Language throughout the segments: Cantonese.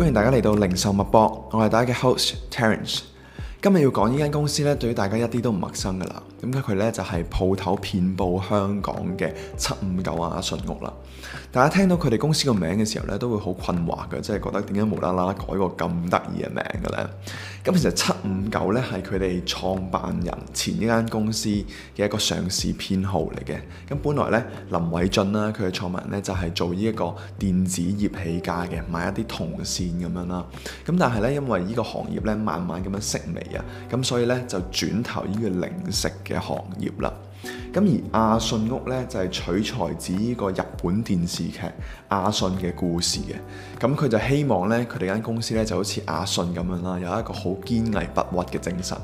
歡迎大家嚟到零售脈搏，我係大家嘅 host Terence。今日要講呢間公司咧，對於大家一啲都唔陌生㗎啦。咁佢咧就係鋪頭遍佈香港嘅七五九阿信屋啦。大家聽到佢哋公司個名嘅時候咧，都會好困惑嘅，即係覺得點解無啦啦改個咁得意嘅名嘅咧？咁其實七五九咧係佢哋創辦人前一間公司嘅一個上市編號嚟嘅。咁本來咧林偉俊啦，佢嘅創辦人咧就係做呢一個電子業起家嘅，買一啲銅線咁樣啦。咁但係咧因為呢個行業咧慢慢咁樣式微啊，咁所以咧就轉頭呢個零食嘅行業啦，咁而阿信屋咧就係、是、取材自呢個日本電視劇《阿信》嘅故事嘅。咁佢就希望咧，佢哋間公司咧就好似阿信咁樣啦，有一個好堅毅不屈嘅精神。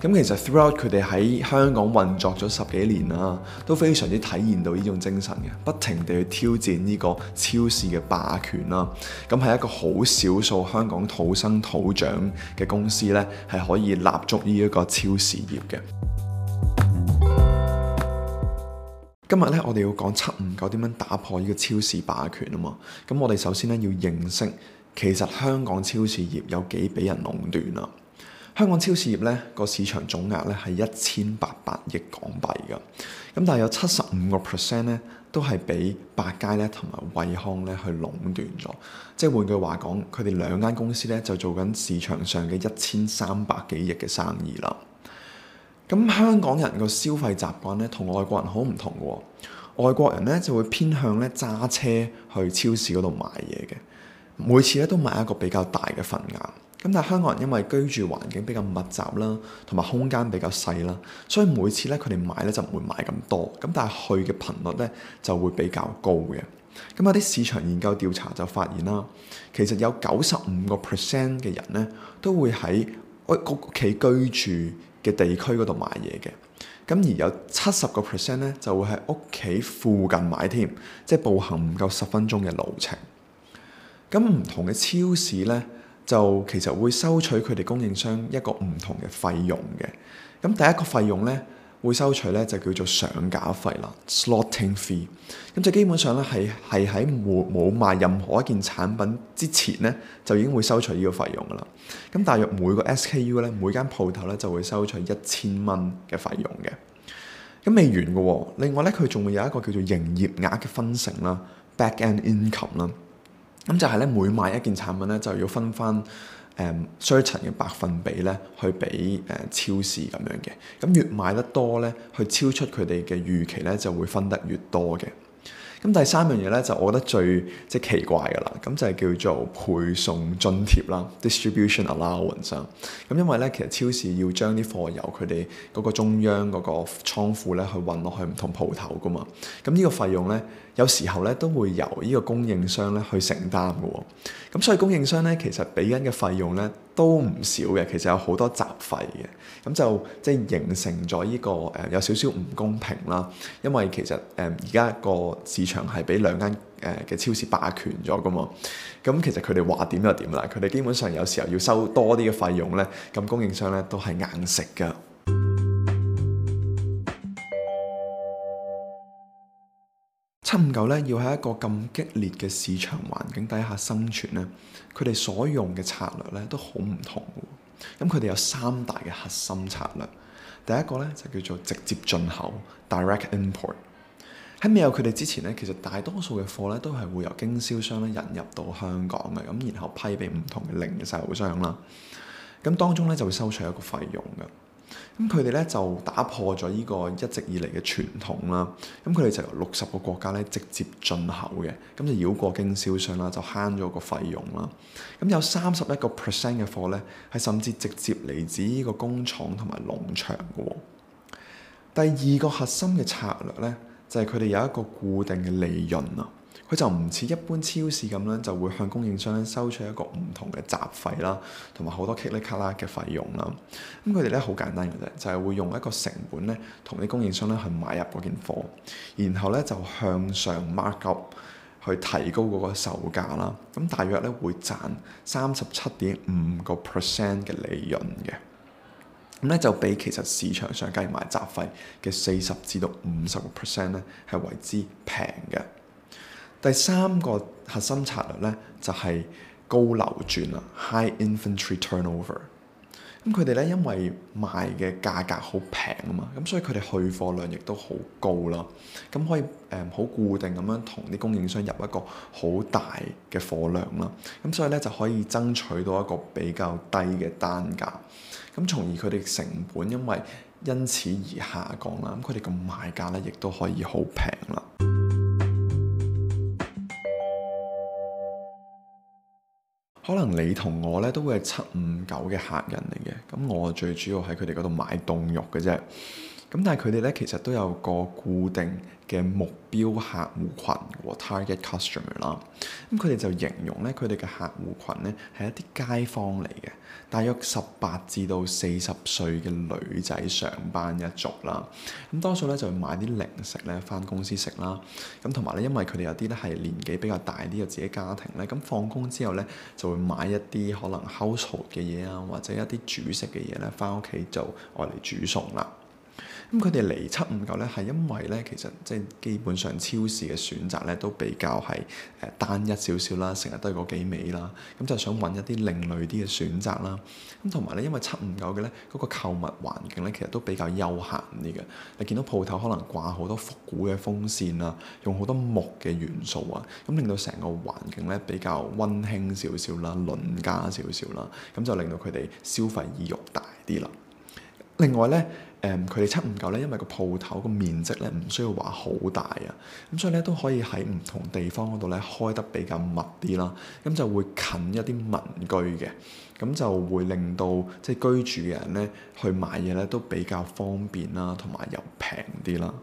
咁其實 throughout 佢哋喺香港運作咗十幾年啦、啊，都非常之體驗到呢種精神嘅，不停地去挑戰呢個超市嘅霸權啦、啊。咁係一個好少數香港土生土長嘅公司咧，係可以立足於一個超市業嘅。今日咧，我哋要講七五九點樣打破呢個超市霸權啊嘛！咁我哋首先咧要認識，其實香港超市業有幾俾人壟斷啦。香港超市業咧個市場總額咧係一千八百億港幣噶，咁但係有七十五個 percent 咧都係俾百佳咧同埋惠康咧去壟斷咗。即係換句話講，佢哋兩間公司咧就做緊市場上嘅一千三百幾億嘅生意啦。咁香港人個消費習慣咧，同外國人好唔同嘅哦。外國人咧就會偏向咧揸車去超市嗰度買嘢嘅，每次咧都買一個比較大嘅份額。咁但係香港人因為居住環境比較密集啦，同埋空間比較細啦，所以每次咧佢哋買咧就唔會買咁多。咁但係去嘅頻率咧就會比較高嘅。咁有啲市場研究調查就發現啦，其實有九十五個 percent 嘅人咧都會喺屋企居住嘅地區嗰度買嘢嘅，咁而有七十個 percent 咧就會喺屋企附近買添，即係步行唔夠十分鐘嘅路程。咁唔同嘅超市咧，就其實會收取佢哋供應商一個唔同嘅費用嘅。咁第一個費用咧。會收取咧就叫做上架費啦，Slotting fee，咁就基本上咧係係喺冇冇賣任何一件產品之前咧就已經會收取呢個費用㗎啦。咁大約每個 SKU 咧每間鋪頭咧就會收取一千蚊嘅費用嘅。咁未完嘅喎，哦，另外咧佢仲會有一個叫做營業額嘅分成啦，back end income 啦。咁就係咧每賣一件產品咧就要分翻。誒衰塵嘅百分比咧，去俾誒、uh，超市咁樣嘅，咁越買得多咧，去超出佢哋嘅預期咧，就會分得越多嘅。咁第三樣嘢咧，就我覺得最即係奇怪嘅啦，咁就係叫做配送津貼啦 （distribution allowance）。咁因為咧，其實超市要將啲貨由佢哋嗰個中央嗰個倉庫咧去運落去唔同鋪頭噶嘛，咁呢個費用咧，有時候咧都會由呢個供應商咧去承擔嘅喎。咁所以供應商咧，其實俾緊嘅費用咧，都唔少嘅，其實有好多雜費嘅，咁就即係形成咗呢個誒、呃、有少少唔公平啦。因為其實誒而家個市場係俾兩間誒嘅超市霸權咗噶嘛，咁其實佢哋話點就點啦。佢哋基本上有時候要收多啲嘅費用咧，咁供應商咧都係硬食㗎。咁久咧，要喺一個咁激烈嘅市場環境底下生存咧，佢哋所用嘅策略咧都好唔同。咁佢哋有三大嘅核心策略，第一個咧就叫做直接進口 （direct import）。喺未有佢哋之前咧，其實大多數嘅貨咧都係會由經銷商咧引入到香港嘅，咁然後批俾唔同嘅零嘅售商啦。咁當中咧就會收取一個費用嘅。咁佢哋咧就打破咗呢個一直以嚟嘅傳統啦，咁佢哋就由六十個國家咧直接進口嘅，咁就繞過經銷商啦，就慳咗個費用啦。咁有三十一個 percent 嘅貨咧係甚至直接嚟自呢個工廠同埋農場嘅喎。第二個核心嘅策略咧就係佢哋有一個固定嘅利潤啊。佢就唔似一般超市咁樣，就會向供應商收取一個唔同嘅雜費啦，同埋好多奇哩卡啦嘅費用啦。咁佢哋咧好簡單嘅啫，就係、是、會用一個成本咧，同啲供應商咧去買入嗰件貨，然後咧就向上 mark up 去提高嗰個售價啦。咁大約咧會賺三十七點五個 percent 嘅利潤嘅。咁咧就比其實市場上計埋雜費嘅四十至到五十個 percent 咧係為之平嘅。第三個核心策略咧就係、是、高流轉啦，high inventory turnover。咁佢哋咧因為賣嘅價格好平啊嘛，咁所以佢哋去貨量亦都好高啦。咁可以誒好、嗯、固定咁樣同啲供應商入一個好大嘅貨量啦。咁所以咧就可以爭取到一個比較低嘅單價。咁從而佢哋成本因為因此而下降啦。咁佢哋嘅賣價咧亦都可以好平啦。可能你同我呢都會係七五九嘅客人嚟嘅，咁我最主要喺佢哋嗰度買凍肉嘅啫。咁但係佢哋咧，其實都有個固定嘅目標客戶群，和 target customer 啦。咁佢哋就形容咧，佢哋嘅客戶群咧係一啲街坊嚟嘅，大約十八至到四十歲嘅女仔上班一族啦。咁多數咧就會買啲零食咧返公司食啦。咁同埋咧，因為佢哋有啲咧係年紀比較大啲，有自己家庭咧，咁放工之後咧就會買一啲可能 household 嘅嘢啊，或者一啲煮食嘅嘢咧返屋企就愛嚟煮餸啦。咁佢哋嚟七五九咧，係因為咧，其實即係基本上超市嘅選擇咧，都比較係誒單一少少啦，成日都係嗰幾味啦。咁就想揾一啲另類啲嘅選擇啦。咁同埋咧，因為七五九嘅咧，嗰個購物環境咧，其實都比較悠閒啲嘅。你見到鋪頭可能掛好多復古嘅風扇啊，用好多木嘅元素啊，咁令到成個環境咧比較溫馨少少啦，鄰家少少啦，咁就令到佢哋消費意欲大啲啦。另外咧，誒佢哋七五九咧，因為個鋪頭個面積咧唔需要話好大啊，咁所以咧都可以喺唔同地方嗰度咧開得比較密啲啦，咁、嗯、就會近一啲民居嘅，咁、嗯、就會令到即係、就是、居住嘅人咧去買嘢咧都比較方便啦，同埋又平啲啦。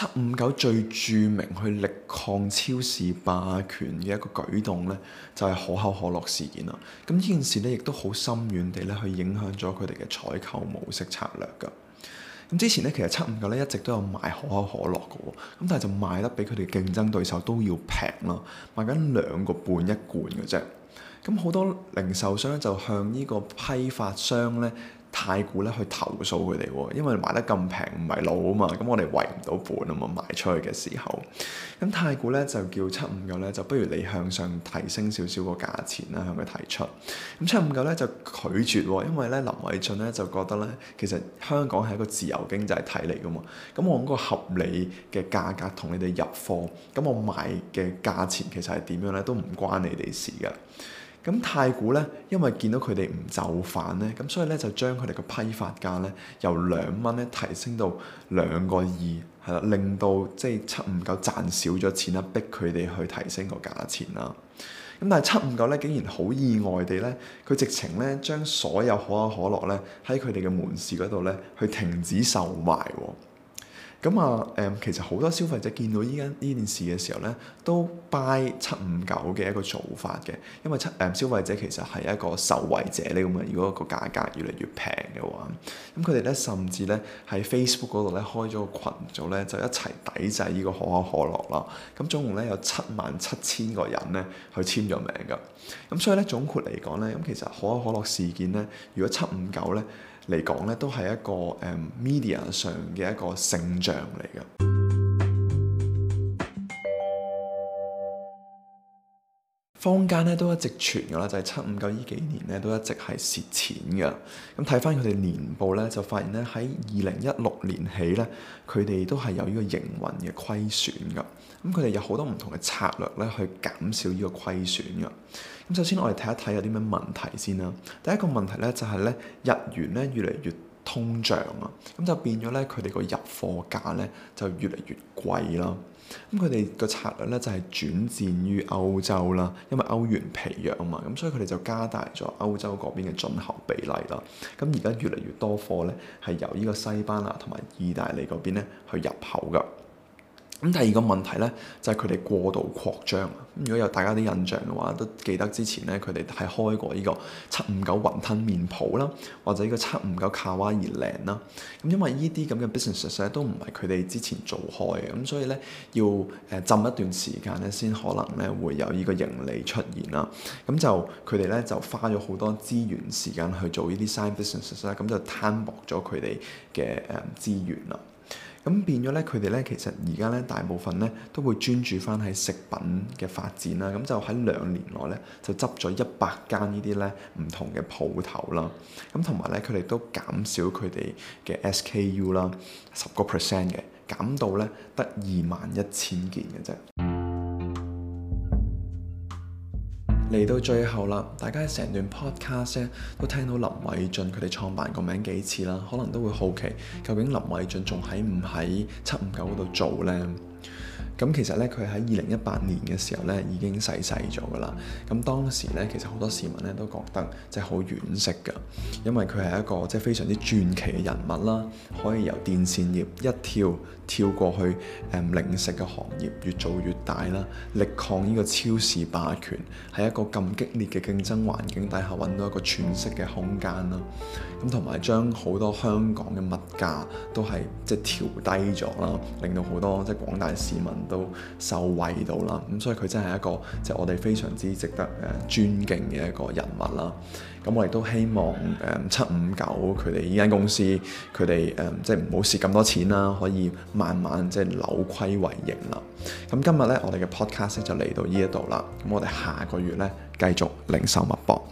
七五九最著名去力抗超市霸權嘅一個舉動呢，就係可口可樂事件啦。咁呢件事呢，亦都好深遠地咧去影響咗佢哋嘅採購模式策略㗎。咁之前呢，其實七五九咧一直都有賣可口可樂嘅喎，咁但係就賣得比佢哋競爭對手都要平咯，賣緊兩個半一罐嘅啫。咁好多零售商就向呢個批發商呢。太古咧去投訴佢哋喎，因為賣得咁平唔係路啊嘛，咁我哋維唔到本啊嘛，賣出去嘅時候，咁太古咧就叫七五九咧，就不如你向上提升少少個價錢啦，向佢提出。咁七五九咧就拒絕喎、哦，因為咧林偉駿咧就覺得咧，其實香港係一個自由經濟體嚟噶嘛，咁我嗰個合理嘅價格同你哋入貨，咁我賣嘅價錢其實係點樣咧都唔關你哋事噶。咁太古咧，因為見到佢哋唔就範咧，咁所以咧就將佢哋個批發價咧由兩蚊咧提升到兩個二，係啦，令到即係七五九賺少咗錢啦，逼佢哋去提升個價錢啦。咁但係七五九咧竟然好意外地咧，佢直情咧將所有可口可樂咧喺佢哋嘅門市嗰度咧去停止售賣喎、哦。咁啊，誒、嗯，其實好多消費者見到依間依件事嘅時候咧，都 buy 七五九嘅一個做法嘅，因為七誒消費者其實係一個受惠者呢。咁啊，如果個價格越嚟越平嘅話，咁佢哋咧甚至咧喺 Facebook 嗰度咧開咗個群組咧，就一齊抵制呢個可口可樂啦。咁總共咧有七萬七千個人咧去簽咗名㗎。咁、嗯、所以咧總括嚟講咧，咁其實可口可樂事件咧，如果七五九咧，嚟講咧，都係一個誒、um, media 上嘅一個聖象嚟嘅。坊間咧都一直傳嘅啦，就係七五九呢幾年咧都一直係蝕錢嘅。咁睇翻佢哋年報咧，就發現咧喺二零一六年起咧，佢哋都係有呢個營運嘅虧損嘅。咁佢哋有好多唔同嘅策略咧去減少呢個虧損嘅。咁首先我哋睇一睇有啲咩問題先啦。第一個問題咧就係咧日元咧越嚟越通脹啊，咁就變咗咧佢哋個入貨價咧就越嚟越貴啦。咁佢哋個策略咧就係轉戰於歐洲啦，因為歐元疲弱啊嘛，咁所以佢哋就加大咗歐洲嗰邊嘅進口比例啦。咁而家越嚟越多貨咧係由呢個西班牙同埋意大利嗰邊咧去入口㗎。咁第二個問題呢，就係佢哋過度擴張。咁如果有大家啲印象嘅話，都記得之前呢，佢哋係開過呢個七五九雲吞麵鋪啦，或者呢個七五九卡哇伊零啦。咁因為呢啲咁嘅 business 都唔係佢哋之前做開嘅，咁所以呢，要浸一段時間咧，先可能呢會有呢個盈利出現啦。咁就佢哋呢，就花咗好多資源時間去做呢啲 side business 咧，咁就攤薄咗佢哋嘅誒資源啦。咁變咗咧，佢哋咧其實而家咧大部分咧都會專注翻喺食品嘅發展啦。咁就喺兩年內咧就執咗一百間呢啲咧唔同嘅鋪頭啦。咁同埋咧，佢哋都減少佢哋嘅 SKU 啦，十個 percent 嘅，減到咧得二萬一千件嘅啫。嗯嚟到最後啦，大家成段 podcast 咧都聽到林偉俊佢哋創辦個名幾次啦，可能都會好奇究竟林偉俊仲喺唔喺七五九嗰度做呢？咁其實咧，佢喺二零一八年嘅時候咧，已經逝世咗噶啦。咁當時咧，其實好多市民咧都覺得即係好惋惜噶，因為佢係一個即係非常之傳奇嘅人物啦，可以由電線業一跳跳過去誒零食嘅行業，越做越大啦，力抗呢個超市霸權，喺一個咁激烈嘅競爭環境底下揾到一個喘息嘅空間啦。咁同埋將好多香港嘅物價都係即係調低咗啦，令到好多即係廣大市民都受惠到啦，咁所以佢真係一個即係、就是、我哋非常之值得誒尊敬嘅一個人物啦。咁我亦都希望誒七五九佢哋呢間公司佢哋誒即係唔好蝕咁多錢啦，可以慢慢即係、就是、扭虧為盈啦。咁今日咧我哋嘅 podcast 就嚟到呢一度啦，咁我哋下個月咧繼續零售脈搏。